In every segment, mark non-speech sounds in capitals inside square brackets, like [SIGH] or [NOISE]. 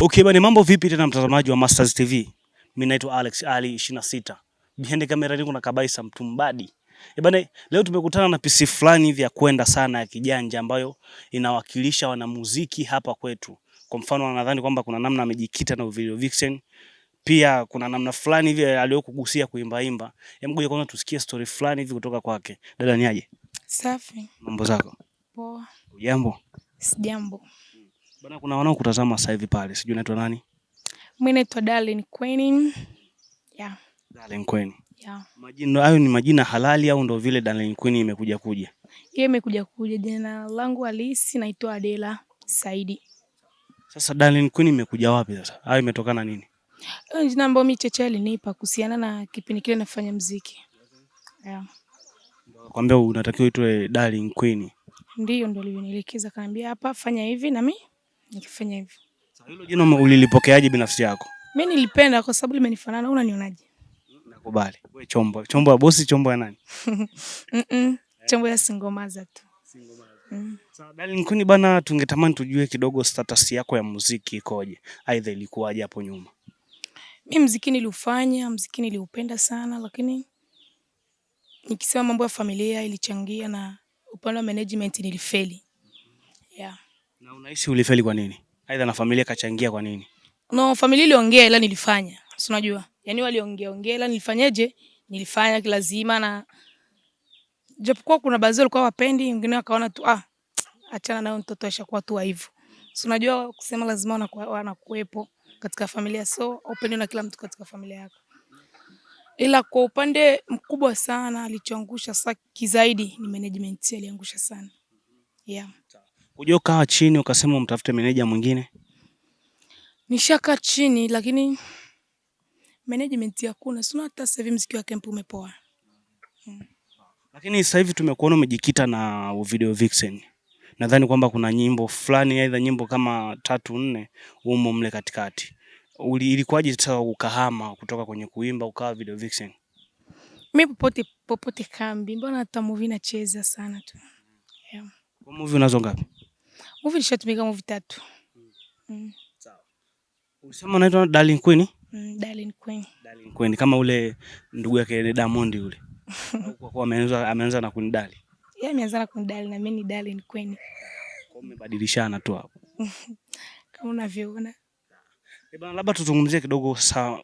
Okay, bani mambo vipi tena mtazamaji wa Masters TV. Mimi naitwa Alex Ali 26. Behind kamera niko na kabisa mtu mbadi. E eh, bani, leo tumekutana na PC fulani hivi ya kwenda sana ya kijanja ambayo inawakilisha wanamuziki hapa kwetu. Kwa mfano, nadhani kwamba kuna namna amejikita na Video Vixen. Pia kuna namna fulani hivi aliyokugusia kuimba imba. Hebu ngoja kwanza tusikie story fulani hivi kutoka kwake. Dada niaje? Safi. Mambo zako? Poa. Jambo. Sijambo kuna wanaokutazama sasa hivi pale, sijui unaitwa nani? Mimi naitwa Darlin Queen. Yeah. Darlin Queen. Yeah. Majina hayo ni majina halali au ndio vile Darlin Queen imekuja kuja? Yeye imekuja kuja. Jina langu halisi naitwa Adela Saidi. Sasa Darlin Queen imekuja wapi sasa? Hayo imetokana nini? Hiyo Jina ambayo mimi Cheche alinipa kuhusiana na kipindi kile nafanya muziki. Yeah. Kwambia unatakiwa uitwe Darlin Queen. Ndio ndio alivyonielekeza, kaambia hapa fanya hivi na mimi nikifanya hivyo. Sasa hilo jina ulilipokeaje binafsi yako? Mimi nilipenda kwa sababu limenifanana. Unanionaje? Nakubali. Wewe chombo, chombo ya bosi, chombo ya nani? [LAUGHS] mm -mm. Chombo ya singomaza tu. Mm. darling Queen bana, tungetamani tujue kidogo status yako ya muziki ikoje, aidha ilikuwaje hapo nyuma? Mimi muziki niliufanya, muziki niliupenda sana, lakini nikisema mambo ya familia ilichangia na upande wa management nilifeli. Na unahisi ulifeli kwa nini? Aidha na familia kachangia kwa nini? No, familia iliongea ila nilifanya. Si unajua? Yaani waliongea ongea ila nilifanyeje? Nilifanya kilazima na japokuwa kuna baadhi walikuwa wapendi, wengine wakaona tu ah, achana nayo mtoto ashakuwa tu hivyo. Si unajua kusema lazima wanakuwepo katika familia, so upendo na kila mtu katika familia yako. Ila kwa upande mkubwa sana alichoangusha sasa kizaidi ni management, aliangusha sana. Yeah. Ujue ukawa chini ukasema umtafute meneja mwingine? Nishaka chini lakini management hakuna, Sio hata sasa hivi mziki wa camp umepoa. Hmm. Lakini sasa hivi tumekuona umejikita na video vixen. Nadhani kwamba kuna nyimbo fulani, aidha nyimbo kama tatu nne, umo mle katikati. Ilikuwaje sasa ukahama kutoka kwenye kuimba ukawa video vixen? Mi popote popote kambi, mbona hata movie nacheza sana tu. Yeah. Movie unazo ngapi? Muvi nishatumika muvi tatu. Mm. Sawa. Ulisema unaitwa Darling Queen? Mm, Darling Queen. Darling Queen kama ule ndugu yake Diamond yule. Kwa kuwa ameanza ameanza na kunidali. Yeye ameanza na kunidali na mimi ni Darling Queen. Kwa mmebadilishana tu hapo. [LAUGHS] Kama unavyoona. Eh, bana labda tuzungumzie kidogo sasa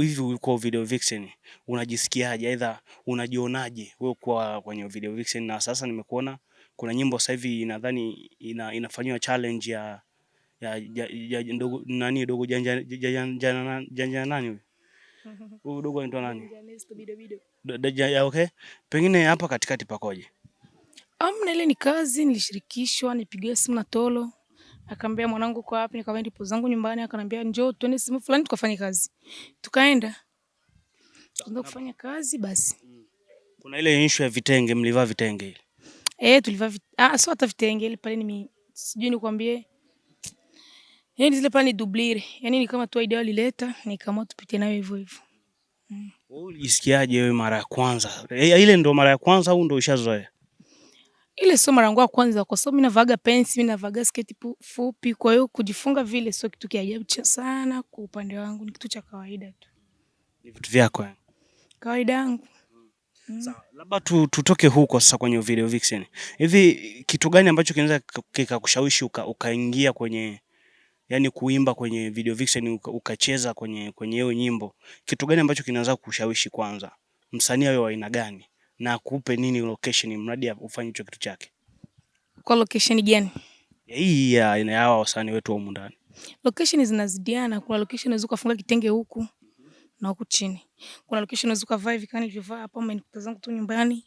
hivi ulikuwa Video Vixen unajisikiaje? Aidha unajionaje wewe kwa kwenye Video Vixen na sasa nimekuona kuna nyimbo sasa hivi nadhani ina, inafanywa challenge ya ya, ya, ya ndogo nani dogo janja janja janja nani [LAUGHS] huyu dogo anaitwa nani? Ya, okay. Pengine hapa katikati pakoje? Amna, ah, ile ni kazi, nilishirikishwa, nipigiwe simu na Tolo akaambia mwanangu kwa wapi, nikamwambia ndipo zangu nyumbani, akaniambia njoo twende simu fulani tukafanye kazi. Tukaenda kufanya kazi basi. Mm. Kuna ile issue ya vitenge, mlivaa vitenge ile Eh, tulivaa vit... ah, sio hata vitenge ile pale ni sijui nikwambie. Yaani zile pale ni dublire. Yaani ni kama tu idea walileta, nikaamua tupite nayo hivyo hivyo. Mm. Wewe ulisikiaje wewe mara ya kwanza? E, ile ndo mara ya kwanza au ndo ushazoea? Ile sio mara yangu ya kwanza kwa sababu mimi navaga pants, mimi navaga sketi fupi, kwa hiyo kujifunga vile sio kitu kia ajabu sana kwa upande wangu, ni kitu cha kawaida tu. Ni vitu vyako. Eh? Kawaida yangu. Mm. Sawa, labda tutoke huko sasa kwenye video vixen. Hivi kitu gani ambacho kinaweza kikakushawishi uka, ukaingia kwenye yani kuimba kwenye video vixen uka, ukacheza kwenye kwenye hiyo nyimbo? Kitu gani ambacho kinaweza kukushawishi kwanza? Msanii awe wa aina gani na akupe nini location mradi ufanye hicho kitu chake? Kwa location gani? Hii ya hawa wasanii wetu wa humu ndani. Location zinazidiana, kuna location unaweza kufunga kitenge huku na huku chini. Kuna location unaweza kuvaa hivi kama nilivyovaa hapa nikuta zangu tu nyumbani.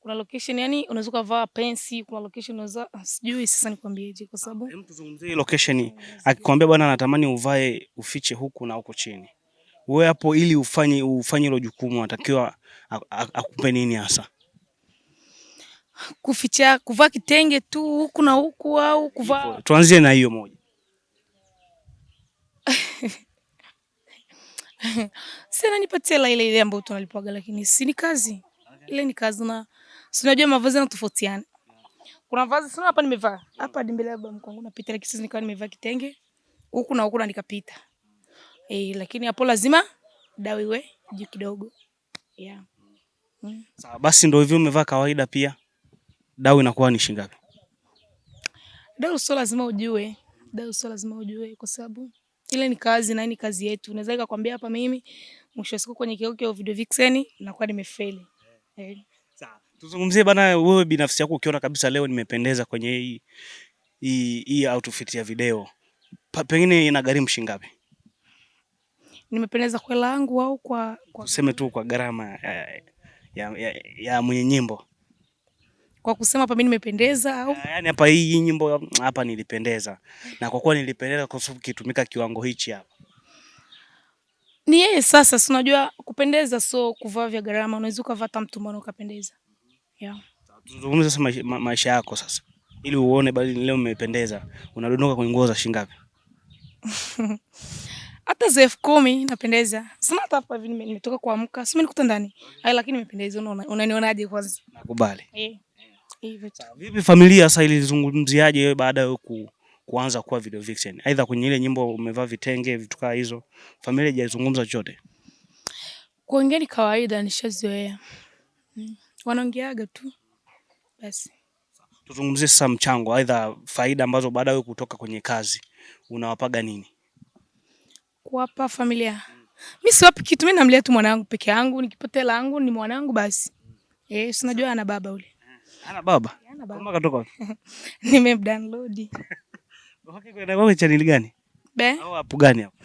Kuna location yani unaweza kuvaa pensi, kuna location unaweza sijui sasa nikwambieje kwa sababu. Hem, tuzungumzie hii location. Akikwambia bwana, anatamani uvae ufiche huku na huko chini. Wewe hapo ili ufanye ufanye hilo jukumu unatakiwa akupe nini hasa? Kuficha, kuvaa kitenge tu huku na huku au kuvaa. Tuanzie na hiyo moja. si ananipatia hela ile ile ambayo tunalipaga, lakini si ni kazi ile, ni kazi na si unajua mavazi yanatofautiana. Kuna vazi sio hapa nimevaa hapa hadi mbele ya baba mkwangu napita, lakini sisi nikawa nimevaa kitenge huku na huku na nikapita eh, lakini hapo lazima dawiwe juu kidogo yeah. Mm. Sawa basi, ndio hivyo umevaa kawaida pia dau inakuwa ni shilingi ngapi? Dau sio lazima ujue, dau sio lazima ujue kwa sababu ile ni kazi na ni kazi yetu. Naweza nikakwambia hapa mimi mwisho wa siku kwenye kioo cha video vixen nakuwa nimefeli. Eh. eh. Sawa. Tuzungumzie bana, wewe binafsi yako ukiona kabisa leo nimependeza kwenye hii hii hii outfit ya video. Pa, pengine ina shilingi ngapi? Nimependeza kwa langu au kwa, kwa... Tuseme tu kwa gharama ya, ya, ya, ya mwenye nyimbo kwa kusema hapa mimi nimependeza au? Ah, yaani hapa hii nyimbo hapa nilipendeza, na kwa kuwa nilipendeza kwa sababu kitumika kiwango hichi hapa ni yeye sasa, si unajua kupendeza so kuvaa vya gharama, unaweza ukavaa hata mtu na ukapendeza. Yeah. Tuzungumze sasa maisha yako sasa, ili uone bali leo nimependeza. unadondoka kwenye nguo za ngapi? [LAUGHS] hata za elfu kumi napendeza sana, hata hapa hivi nimetoka kuamka, si mimi nikuta ndani, lakini nimependeza. Unanionaje? Kwanza nakubali eh. Vipi familia sasa ilizungumziaje wewe baada ya ku, kuanza kuwa video vixen? Aidha kwenye ile nyimbo umevaa vitenge vitu kama hizo. Familia haijazungumza chochote? Kuongea ni kawaida nishazoea. Mm. Wanaongeaga tu. Basi. Tuzungumzie sasa mchango, aidha faida ambazo baada ya kutoka kwenye kazi unawapaga nini? Kuwapa familia. Mimi siwapi kitu, mimi namlea tu mwanangu peke yangu, nikipata langu ni mwanangu basi. Eh, si najua ana baba ule. Ana baba. Ana baba. Kama katoka wapi? [LAUGHS] Nimemdownload. Wake kwenda kwa channel gani? Be. Au app gani hapo?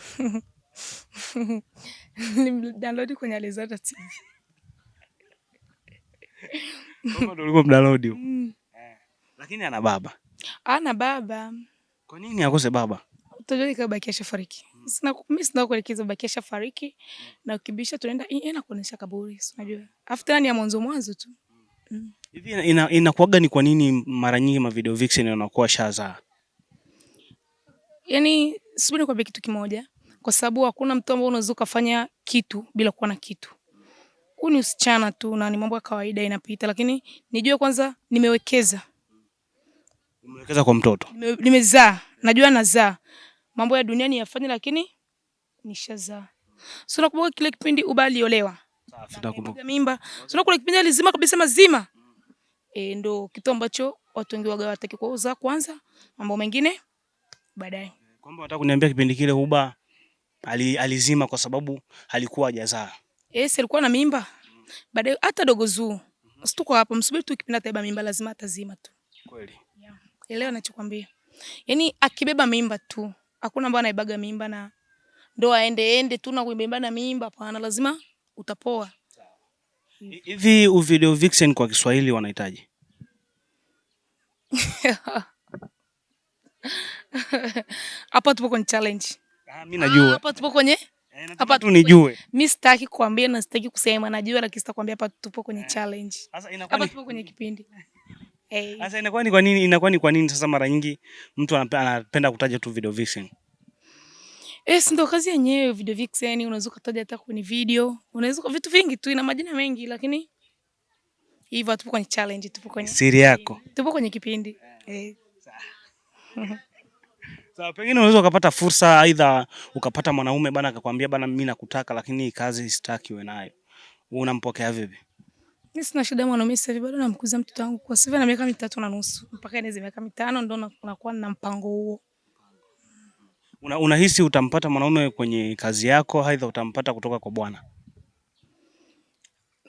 [LAUGHS] Nimemdownload kwenye Alizada TV. Kama [LAUGHS] ndo ulikuwa mdownload huko. Mm. Eh, lakini ana baba. Ana baba. Kwa nini akose baba? Utajua kabaki ashafariki. Mm. Sina mimi sina kuelekeza baki ashafariki na ukibisha tunaenda inakuonesha kaburi, unajua. Afu tena ni ya mwanzo mwanzo tu. Mm. mm. Hivi ina, inakuwaga ni kwa nini mara nyingi ma video vixen wanakuwa shazaa? Yaani subiri nikwambie kitu kimoja, kwa sababu hakuna mtu ambaye unaweza ukafanya kitu bila kuwa na kitu. Huu ni usichana tu na ni mambo ya kawaida inapita, lakini nijue kwanza nimewekeza. Umewekeza kwa mtoto. Nime, nimezaa, najua nazaa. Mambo ya dunia niyafanye lakini nishazaa. Sio nakumbuka kile kipindi ubali olewa. Safi nakumbuka. Mimba. Sio kuna kipindi alizima kabisa mazima. E, ndo kitu ambacho watu wengi waga wataki kuuza kwanza, mambo mengine baadaye. Kwamba wataka kuniambia kipindi kile Huba ali, alizima kwa sababu alikuwa hajazaa. Yes, alikuwa na mimba. Baadaye hata dogo zuu. Usituko hapa msubiri tu kipindi atabeba mimba lazima atazima tu. Kweli. Yeah. Elewa ninachokwambia. Yaani akibeba mimba tu, hakuna ambaye anaibaga mimba na ndo aende ende tu na kuibeba na mimba hapana, lazima utapoa. Hivi uvideo vixen kwa Kiswahili wanahitaji [LAUGHS] hapa? tupo kwenye challenge. Ah, Mimi najua ah, hapa tupo kwenye eh, hapa tu nijue. Mimi sitaki kuambia na sitaki kusema, najua lakini sitakwambia. Hapa tupo kwenye eh, challenge. Sasa inakuwa Hapa tupo kwenye kipindi. [LAUGHS] Eh. Sasa inakuwa ni kwa nini, inakuwa ni kwa nini sasa mara nyingi mtu anapenda kutaja tu video vixen? Eh, si ndo kazi yenyewe video vixen, unaweza ukataja hata kwenye video, unaweza kwa vitu vingi tu, ina majina mengi, lakini hivyo tupo kwenye challenge, tupo kwenye siri yako, tupo kwenye kipindi yeah. eh. [LAUGHS] Sawa, pengine unaweza ukapata fursa, aidha ukapata mwanaume bana akakwambia bana, mimi nakutaka, lakini kazi sitaki uwe nayo, wewe unampokea vipi? Mimi sina shida mwanaume sasa hivi, bado namkuza mtoto wangu kwa sasa, na miaka mitatu na nusu mpaka inaweza miaka mitano, ndo nakuwa na mpango huo Una, unahisi utampata mwanaume kwenye kazi yako aidha utampata kutoka kwa bwana?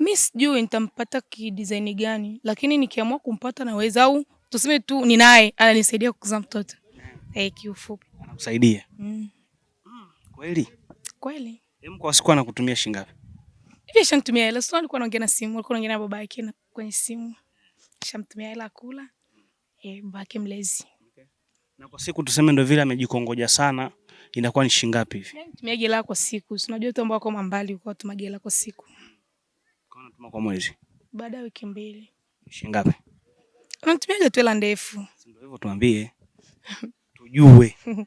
Mi sijui nitampata kidizaini gani, lakini nikiamua kumpata naweza, au tuseme tu ni naye ananisaidia kukuza mtoto. Eh, kiufupi anakusaidia. Mm. mm kweli kweli. Hem, kwa siku anakutumia shilingi ngapi? Hivi shamtumia hela, sio? Alikuwa anaongea na simu, alikuwa anaongea na baba yake kwenye simu, shamtumia hela kula. Eh, babake mlezi na kwa siku tuseme ndio vile amejikongoja sana, inakuwa ni shilingi ngapi hivi? Natumia yaani gela kwa siku. Unajua tu ambao kwa mbali huko watumia gela kwa siku. Kwa natuma kwa mwezi. Baada ya wiki mbili. Shilingi ngapi? Anatumia tu hela ndefu. Ndio hivyo tuambie. [LAUGHS] Tujue. [LAUGHS]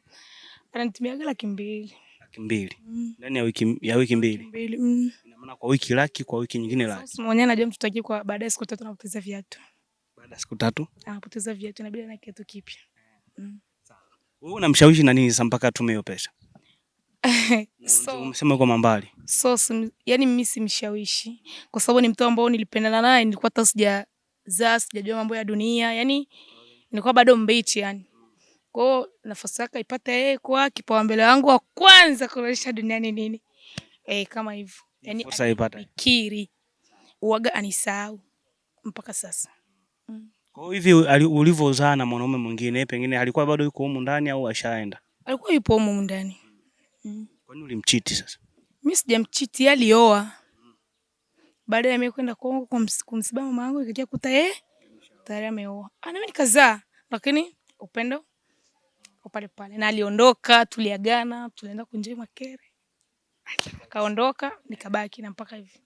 Anatumia gela laki mbili. Laki mbili. Mm. Ndani ya wiki ya wiki mbili. Laki mbili. Mm. Ina maana kwa wiki laki, kwa wiki nyingine laki. Sasa mwenyewe najua mtu atakiwa baada ya siku tatu anapoteza viatu. Baada ya siku tatu? Anapoteza viatu inabidi na kitu kipya. Mm. Sawa. Wewe unamshawishi na nini sasa mpaka tume hiyo pesa? [LAUGHS] So, umesema uko mambali. So, yani mimi simshawishi kwa sababu ni mtu ambao nilipendana naye, nilikuwa hata sijazaa, sijajua mambo ya dunia, yani nilikuwa bado mbichi yani. Kwa hiyo nafasi yake ipate yeye, kwa kipaumbele wangu wa kwanza kuonesha duniani nini. Eh, kama hivyo. Yani, Kiri. uaga anisahau mpaka sasa. Kwa hivi ulivyozaa na mwanaume mwingine pengine alikuwa bado yuko humu ndani au ashaenda? Alikuwa yupo humu ndani. Mm. Kwa nini ulimchiti sasa? Mimi sijamchiti, alioa. Mm. Baada ya mimi kwenda Kongo kumsiba mama yangu ikaja kuta eh tayari ameoa. Ana ah, mimi nikazaa, lakini upendo pale pale. Na aliondoka, tuliagana, tulienda kunje Makere. Kaondoka, nikabaki na mpaka hivi.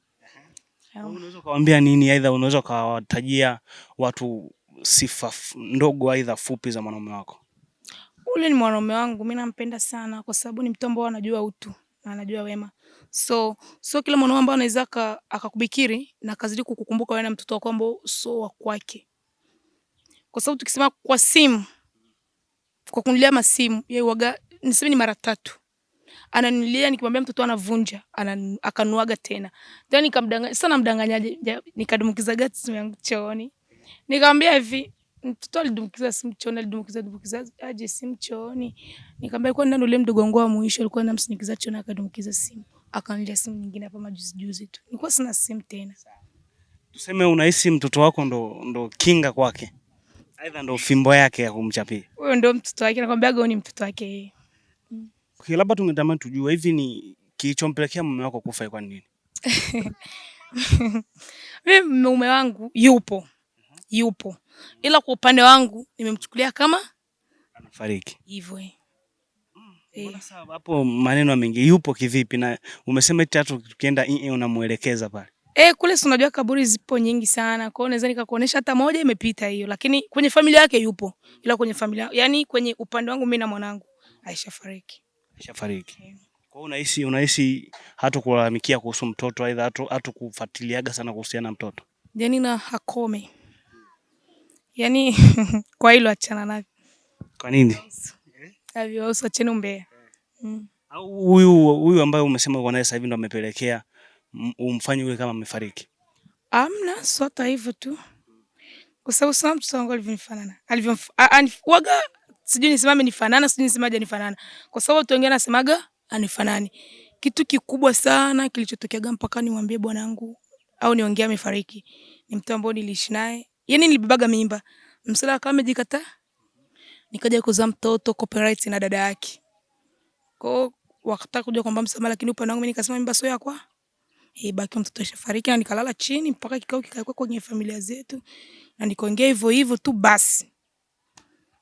Unaweza ukawaambia nini? Aidha, unaweza ukawatajia watu sifa ndogo aidha fupi za mwanaume wako? Ule ni mwanaume wangu, mi nampenda sana kwa sababu ni mtu ambao anajua utu na anajua wema, so so kila mwanaume ambaye anaweza akakubikiri na kazidi kukukumbuka wewe na mtoto wako ambao so wa kwake, kwa sababu tukisema kwa simu, kwa kunilia masimu yeye waga niseme ni mara tatu ananilia nikimwambia mtoto anavunja anan, akanuaga tena then nikamdanganya sana, mdanganyaje gati simu yangu chooni Nikamwambia hivi mtoto alidumkiza simu chooni, alidumkiza dumkiza aje simu chooni. Nikamwambia kwa nani ule mdogo wangu wa mwisho alikuwa anamsinikiza chooni akadumkiza simu. Akaniletea simu nyingine hapa majuzi juzi tu. Nilikuwa sina simu tena. Tuseme unahisi mtoto wako ndo ndo kinga kwake. Aidha ndo fimbo yake ya kumchapia. Huyo ndo mtoto wake, nakwambiaga ni mtoto wake yeye. Mm. Labda tungetamani tujue hivi ni kilichompelekea mume wako kufa kwa nini? Mimi [LAUGHS] mume wangu yupo yupo, ila kwa upande wangu nimemchukulia kama anafariki hivyo. Hmm, mbona sawa hapo maneno mengi, yupo kivipi? Na umesema eti hata tukienda unamuelekeza pale eh, kule si unajua kaburi zipo nyingi sana, kwa hiyo naweza nikakuonesha hata moja imepita hiyo, lakini kwenye familia yake yupo, ila kwenye familia yani, kwenye upande wangu mimi na mwanangu aishafariki, aishafariki yeah. Kwa hiyo unahisi unahisi hata kulalamikia kuhusu mtoto aidha hata kufuatiliaga sana kuhusiana na mtoto, yani na hakome yani [LAUGHS] kwa hilo achana navyo. Kwa nini? Haviwahusu, eh? acheni umbea. Mm. Au huyu huyu ambaye umesema uko naye sasa hivi ndo amepelekea umfanye uwe kama amefariki? Amna, sota hivyo tu, kwa sababu sana mtoto wangu alivyonifanana, alivyowaga, sijui nisemame nifanana, sijui nisemaje nifanana, kwa sababu watu wengine anasemaga anifanani. Kitu kikubwa sana kilichotokeaga mpaka nimwambie bwanangu au niongea amefariki, ni mtu ambaye niliishi naye yani nilibebaga mimba, msela akawa amejikata nikaja kuzaa mtoto copyright na dada yake. ko wakata kuja kwamba msamaha, lakini upande wangu mimi nikasema mimba sio yakwa. Eh, baki mtoto ashafariki na nikalala chini mpaka kikao kikawekwa kwenye familia zetu na nikaongea hivyo hivyo tu basi.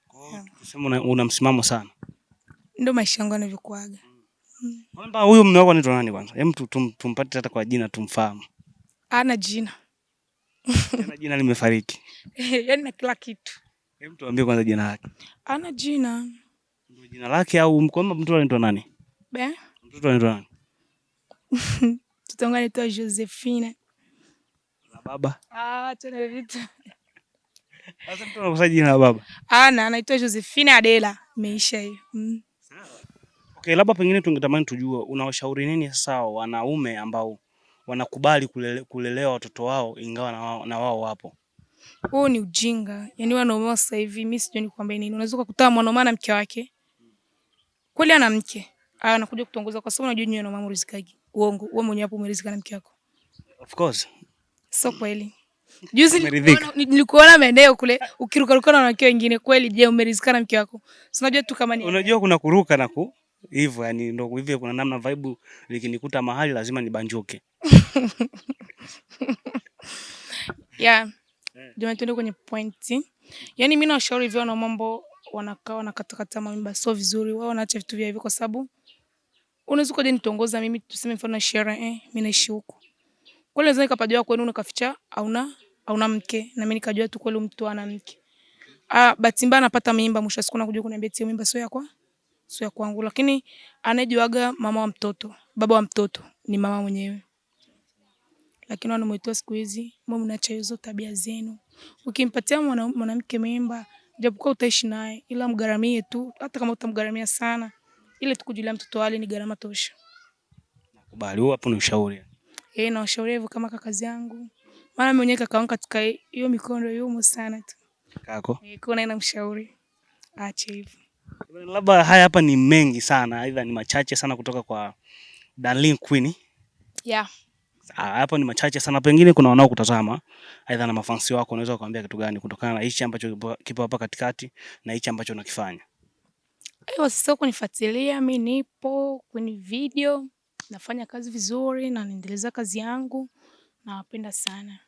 Kwa kusema una, una msimamo sana. Ndio maisha yangu yanavyokuaga. Kwamba huyu mume wako anaitwa nani kwanza? Hem, tumpate hata kwa jina tumfahamu. Ana jina. Ana jina limefariki. [LAUGHS] Yaani na kila kitu. Hebu tuambie kwanza jina lake. Ana jina. Ndio jina lake au kwamba mtu anaitwa nani? Be? Mtu anaitwa nani? [LAUGHS] Tutaongea wangu anaitwa Josephine. Na baba? Ah, tuna vitu. Sasa mtu anakosa jina la baba. Ana anaitwa Josephine Adela. Imeisha hiyo. Mm. Sawa. Okay, labda pengine tungetamani tujue unawashauri nini sasa wanaume ambao wanakubali kulele, kulelewa watoto wao ingawa na wao wapo. Huu ni ujinga, yaani wanaume sasa hivi, mimi sijui nikwambie nini. Unaweza kukutana mwanaume na mke wake kweli, ana mke aya, anakuja kutongoza kwa sababu unajua nyinyi na mama rizikaji. Uongo, wewe mwenyewe hapo umerizika na mke wako. Of course sio kweli. Juzi nilikuona maeneo kule ukiruka ruka na wanawake wengine kweli. Je, umerizika na mke wako? Si Unajua tu kama ni unajua kuna kuruka na ku hivyo, yani ndio hivyo, kuna namna vibe likinikuta mahali lazima nibanjuke. [LAUGHS] yeah. Eh. Jamani, tuende kwenye pointi. Yaani mimi nawashauri vile na mambo wanakaa wanakatakata mamimba, sio vizuri. Wao wanaacha vitu vya hivyo, kwa sababu unaweza ukaja nitongoza mimi, tuseme mfano shere eh, mimi naishi huko kweli, naweza nikapajua kwenu unakaficha auna auna mke, na mimi nikajua tu kweli mtu ana mke. Ah, bahati mbaya anapata mimba, mwisho siku nakuja kuniambia hiyo mimba sio yako, sio ya kwangu. Lakini anayejuaga mama wa mtoto, baba wa mtoto ni mama mwenyewe lakini wanametua siku hizi mwe mnacha hizo tabia zenu. Ukimpatia mwanamke mimba, japokuwa utaishi naye, ila mgaramie tu, hata kama utamgaramia sana, ile tukujulia mtoto wale ni gharama tosha. Nakubali huo hapo, ni ushauri eh, na ushauri hivyo kama kaka zangu, maana mimi mwenyewe kaka wangu katika hiyo mikondo yumo sana tu. Kako eh, kuna ina mshauri aache hivyo. Labda haya hapa ni mengi sana, aidha ni machache sana kutoka kwa Darling Queen. Yeah hapo ni machache sana, pengine kuna wanao kutazama aidha na mafansi wako, unaweza kuambia kitu gani kutokana na hichi ambacho kipo hapa katikati na hichi ambacho unakifanya? Ayo, sio kunifuatilia mimi, nipo kwenye video, nafanya kazi vizuri na naendeleza kazi yangu, nawapenda sana.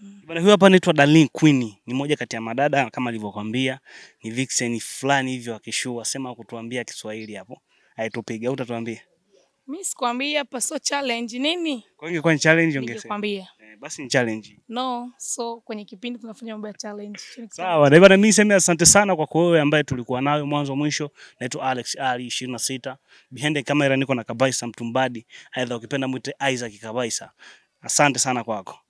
Hmm. Bwana huyu hapa anaitwa Darling Queen, ni moja kati ya madada kama alivyokwambia, ni vixen fulani hivyo akishua sema kutuambia Kiswahili hapo. Aitupiga utatuambia mimi sikwambia hapa so challenge nini? Kwa hiyo kwa challenge ungesema. Nikwambia. Eh, basi ni challenge. No, so kwenye kipindi tunafanya mambo ya challenge. Sawa, na hivyo na mimi sema asante sana kwa wewe ambaye tulikuwa nayo mwanzo mwisho. Naitwa Alex Ali 26. Behind the camera niko na Kabaisa Mtumbadi, aidha ukipenda mwite Isaac Kabaisa. Asante sana kwako.